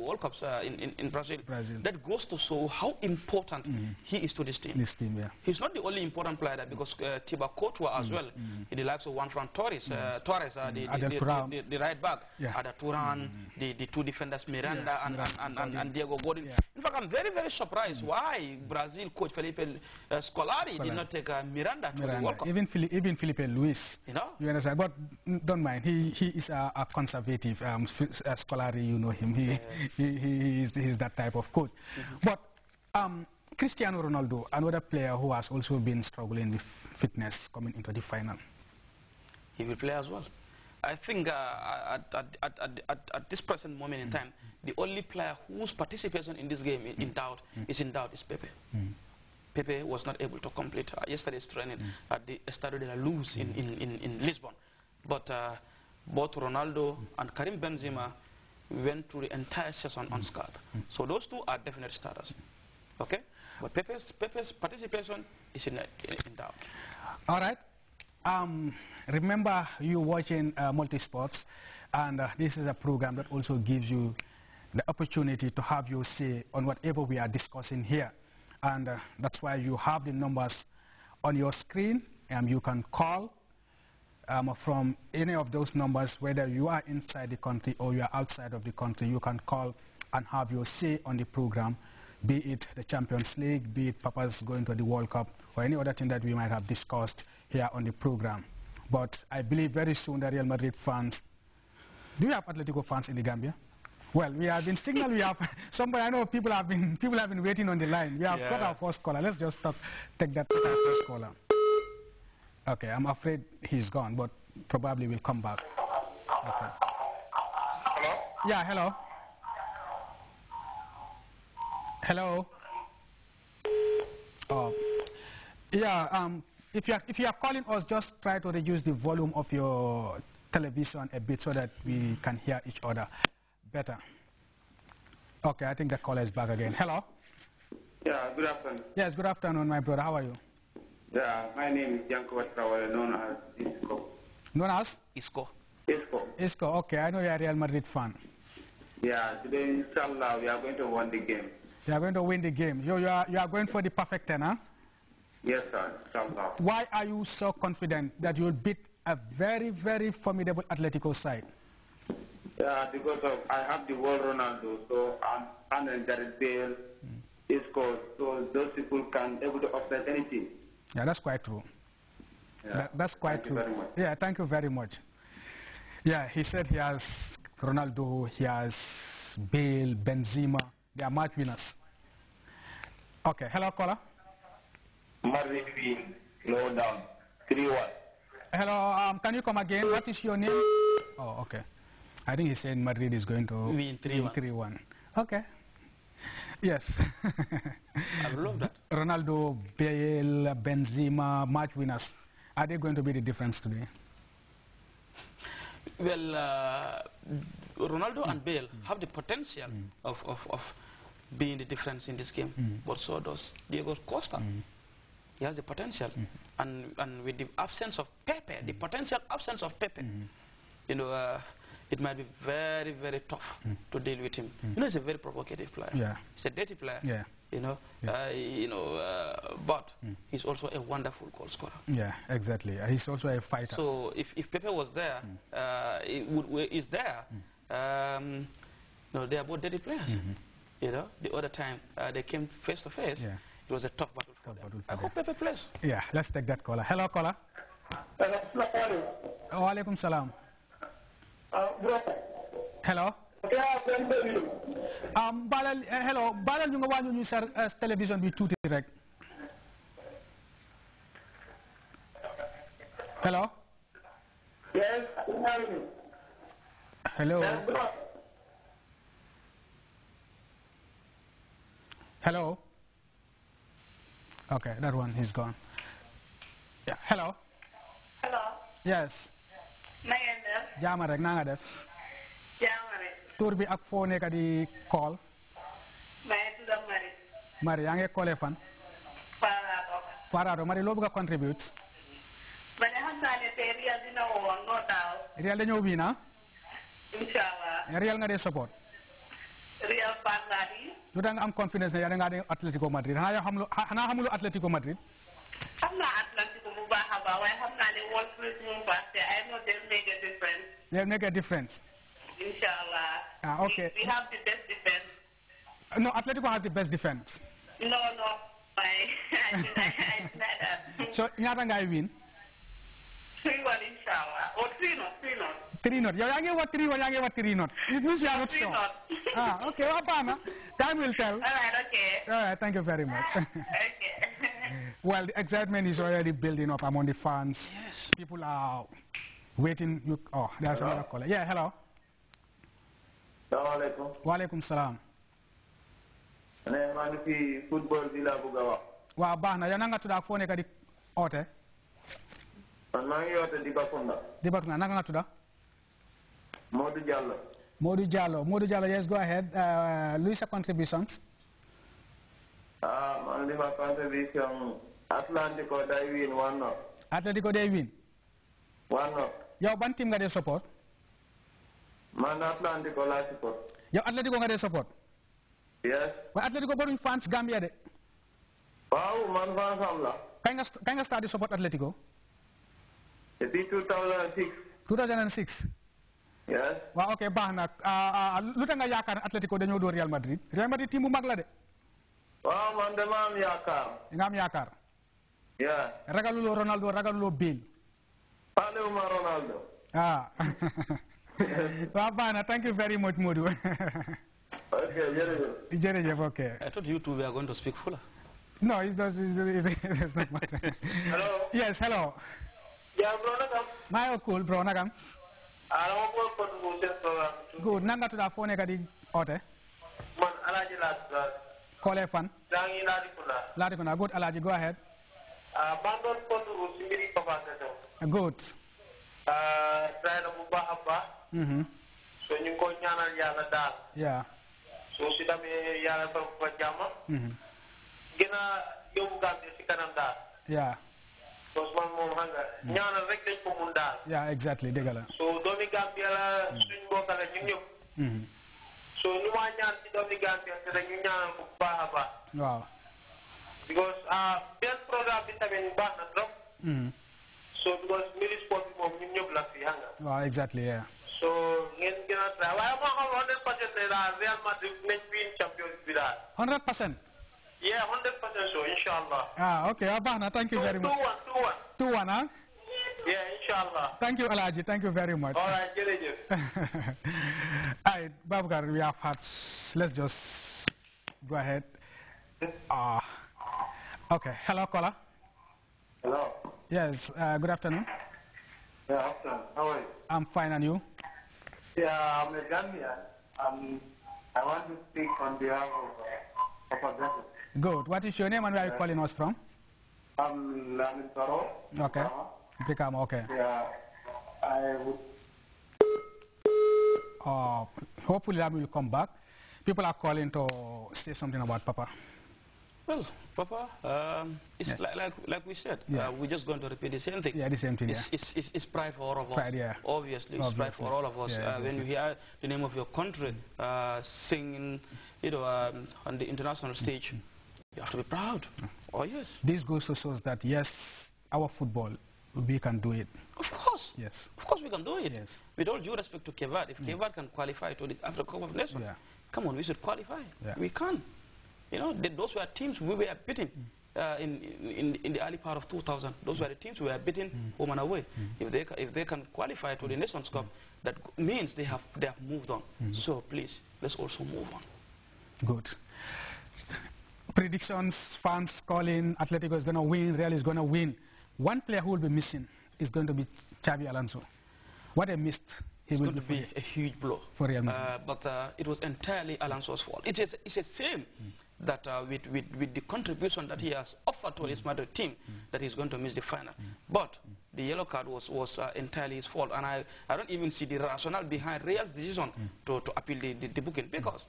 World Cups uh, in, in, in Brazil. Brazil. That goes to show how important mm he is to this team. This team, yeah. He's not the only important player there because uh, Tiba Courtois as mm well. Mm The likes of Juan Fran Torres, uh, Torres uh, the, the, the, the, right back, yeah. Ada Turan, the, two defenders, Miranda yeah. and, and, and, and, Diego Godin. Yeah. In fact, I'm very, very surprised why Brazil coach Felipe uh, Scolari, Scolari. did not take uh, Miranda to Miranda. the World Cup. Even, Fili even Felipe Luis. You know? You understand? But don't mind, he, he is a, a conservative. Um, uh, Scolari, you know him. He, he, he's, he's that type of coach. Mm -hmm. But um, Cristiano Ronaldo, another player who has also been struggling with fitness coming into the final. He will play as well. I think uh, at, at, at, at, this present moment in mm. time, mm the only player whose participation in this game in, mm. doubt mm is in doubt is Pepe. Mm. Pepe was not able to complete uh, yesterday's training at the Estadio de la Luz in, in, in, in Lisbon. But uh, both Ronaldo and Karim Benzema went through the entire session on hmm. SCARP. Hmm. So those two are definite starters. Okay? But purpose, purpose participation is in, in, in doubt. All right. Um, remember you watching uh, Multisports, and uh, this is a program that also gives you the opportunity to have your say on whatever we are discussing here. And uh, that's why you have the numbers on your screen, and you can call um, from any of those numbers, whether you are inside the country or you are outside of the country, you can call and have your say on the program, be it the Champions League, be it Papa's going to the World Cup, or any other thing that we might have discussed here on the program. But I believe very soon the Real Madrid fans, do you have Atletico fans in the Gambia? Well, we have been signaled. We have somebody. I know people have been people have been waiting on the line. We have yeah. got our first caller. Let's just talk, take that. Take our first caller. Okay, I'm afraid he's gone, but probably will come back. Okay. Hello? Yeah, hello. Hello. Oh, yeah. Um, if you are, if you are calling us, just try to reduce the volume of your television a bit so that we can hear each other better. Okay, I think the caller is back again. Hello. Yeah. Good afternoon. Yes. Good afternoon, my brother. How are you? Yeah, my name is Yanko Traore, known as Isco. Known as? Isco. Isco. Isco, okay. I know you are a Real Madrid fan. Yeah, today, inshallah, we are going to win the game. You are going to win the game. You, you, are, you are going for the perfect ten, huh? Yes, sir, inshallah. Why are you so confident that you will beat a very, very formidable Atletico side? Yeah, because of, I have the world Ronaldo, so I'm, I'm Gareth Bale, mm. Isco, so those people can able to offset anything. Yeah, that's quite true. Yeah. That, that's quite thank true. Yeah, thank you very much. Yeah, he said he has Ronaldo, he has Bale, Benzema. They are match winners. Okay, hello caller. Marvin, low down, three one. Hello, um, can you come again? What is your name? Oh, okay. I think he said Madrid is going to win 3-1. Okay. Yes. I love that. Ronaldo, Bale, Benzema, match winners. Are they going to be the difference today? Well, uh, Ronaldo mm. and Bale mm. have the potential mm. of, of, of being the difference in this game, mm. but so does Diego Costa. Mm. He has the potential. Mm. And, and with the absence of Pepe, the potential absence of Pepe, you know, uh, it might be very, very tough mm. to deal with him. Mm. You know, he's a very provocative player. Yeah. He's a dirty player. Yeah. You know, yeah. uh, you know, uh, but mm. he's also a wonderful goal scorer. Yeah, exactly. Uh, he's also a fighter. So if, if Pepe was there, hmm. uh, it there, hmm. um, you know, they are both dirty players. -hmm. You know, the other time uh, they came face to face, yeah. it was a tough battle for tough them. Battle for I them. hope Pepe plays. Yeah, let's take that caller. Hello, caller. Hello, Oh, alaikum salam. Uh, hello. Um, balal, uh, hello, balal ñu nga wañu ñu sar uh, télévision bi tuuti rek. Hello. Yes, hello. Hello. Okay, that one is gone. Yeah, hello. Hello. Yes. jaama rek na nga def. jaama rek. tour bi ak foo ka di call maa ngi Mari. Mari yaa ngi koolee fan. Farado. Farado Mari lo bëgg contribute. ma ne xam naa ne tey dina woon no daaw. real dañu bi na inshallah allah. Eh, nga dee support. Real Bandari. lu di lutang am confidence ne ya nga ngaa atletico Madrid xanaa yoo xam lu xam lu atletico Madrid. about what happened in one room, but I know they'll make a difference. They'll make a difference. Inshallah. Ah, okay. We, we have the best defense. No, Atletico has the best defense. No, no. I, I, did not, I did not, so, Nyatanga win? 3-1 inshallah. Or 3-0, 3-0. Three not. You're angry what three, you're angry what three not. It means you are not sure. ah, okay, well, Time will tell. All right, okay. All right, thank you very much. Well, the excitement is already building up among the fans. Yes. People are waiting. You, oh, there's hello. another caller. Yeah, hello. Assalamualaikum. Waalaikum salam. Maa ngi fi football bi bugawa. Wa a wax. waaw baax na kadi na nga tudd di oote. di Bakunda. di Bakunda naka nga tudd. Modou Diallo. Modou Diallo Modou yes go ahead uh, luy sa contributions. ah man li ma contribution atlantico day win Wano. atlantico day win. Wano. up. Yow ban team nga support. Man atlantico la support. Yow atlantico ko nga support. Yes. wa atlantico ko fans Gambia de. Waaw man fans am la. Kañ nga start di support atlantico ko. Depuis 2006. 2006. Yes. wa ok bah. na ah, ah, ah, lu tax nga yakar atlantico Atlético dañoo Real Madrid Real Madrid team bu mag la de. waaw man dama am yakar nga am Yeah. Ragaluloo Ronaldo ragaluloo Bale. Palewuma Ronaldo. Ah. well, thank you very much, Modu. okay, Jerry. Jërëjëf, okay. I thought you two were going to speak fuller. No, it does, it, it, it does not matter. hello? Yes, hello. Yeah, bro, nagam. My cool, bro, nagam. Alam ko ko mo sa program. Good, nanga to da phone ka di ote. Man, alaji last. Call a fan. Dangi lati kuna. Good, alaji, go ahead. Ah, bandon konturu si mbiri papa tata ah, good try na bu baax a so ñu ko ñaanal yàlla daal yeah so si tamit yàlla tam fa jàmma gën a si kanam daal yeah Ousmane moom xam nga rek dañ ko mun daal yeah exactly degala. so doomi Gambie la suñ mbokk la ñun so ñu ñaan si doomi Gambie te rek ñu ko waaw Because uh, product program is having bad and drop. Mm. So because many sport people in your Wow, exactly, yeah. So you gina try. Why am I hundred percent that Real Madrid next win champions with that? Hundred percent. Yeah, hundred percent. So inshallah. Ah, okay. Abana, ah, thank you two, very much. Two one, two one. Two one, huh? Yeah, inshallah. Thank you, Alaji. Thank you very much. All right, it. All right, Babgar, we have had, let's just go ahead. Uh, Okay. Hello, caller. Hello. Yes. Uh, good afternoon. Yeah, afternoon. How are you? I'm fine, and you? Yeah, I'm a Gambian. Um, I want to speak on behalf of Papa uh, Good. What is your name and where are you calling us from? I'm Lamin Taro. Okay. Bikama, okay. Yeah, I would. Uh, hopefully, Lamin will come back. People are calling to say something about Papa. Well, Papa, um, it's yeah. like, like, like we said, yeah. uh, we're just going to repeat the same thing. Yeah, the same thing. It's, yeah. it's, it's, it's pride for all of us. Pride, yeah. Obviously, it's pride for all of us. Yeah, uh, exactly. When you hear the name of your country uh, singing, you know, um, on the international stage, you have to be proud. Oh yes. This goes to shows that yes, our football, we can do it. Of course. Yes. Of course, we can do it. Yes. With all due respect to Kevard, if mm. can qualify to the Africa Cup of Nations, yeah. come on, we should qualify. Yeah. We can. You know, those were teams we were beating. Uh, in, in, in the early part of 2000. Those were the teams we were beating, mm. home and away. Mm. If, they, if they can qualify to the Nations Cup, that means they have, they have moved on. Mm. So please, let's also move on. Good. Predictions, fans calling, Atletico is going to win, Real is going to win. One player who will be missing is going to be Xavi Alonso. What a missed he it's will going be to be a huge blow for Real Madrid. Uh, but uh, it was entirely Alonso's fault. It is, it's a shame mm that uh, with, with, with, the contribution that he has offered to mm. his Madrid team, mm. that he's going to miss the final. Mm. But mm. the yellow card was, was uh, entirely his fault, and I, I don't even see the rationale behind Real's decision mm. to, to appeal the, the, the booking, mm. because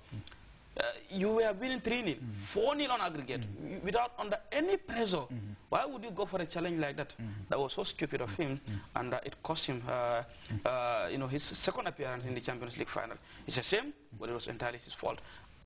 uh, you were winning 3-0, 4-0 on aggregate, without under any pressure. Why would you go for a challenge like that? That was so stupid of him, and uh, it cost him uh, uh, you know, his second appearance in the Champions League final. It's a shame, but it was entirely his fault.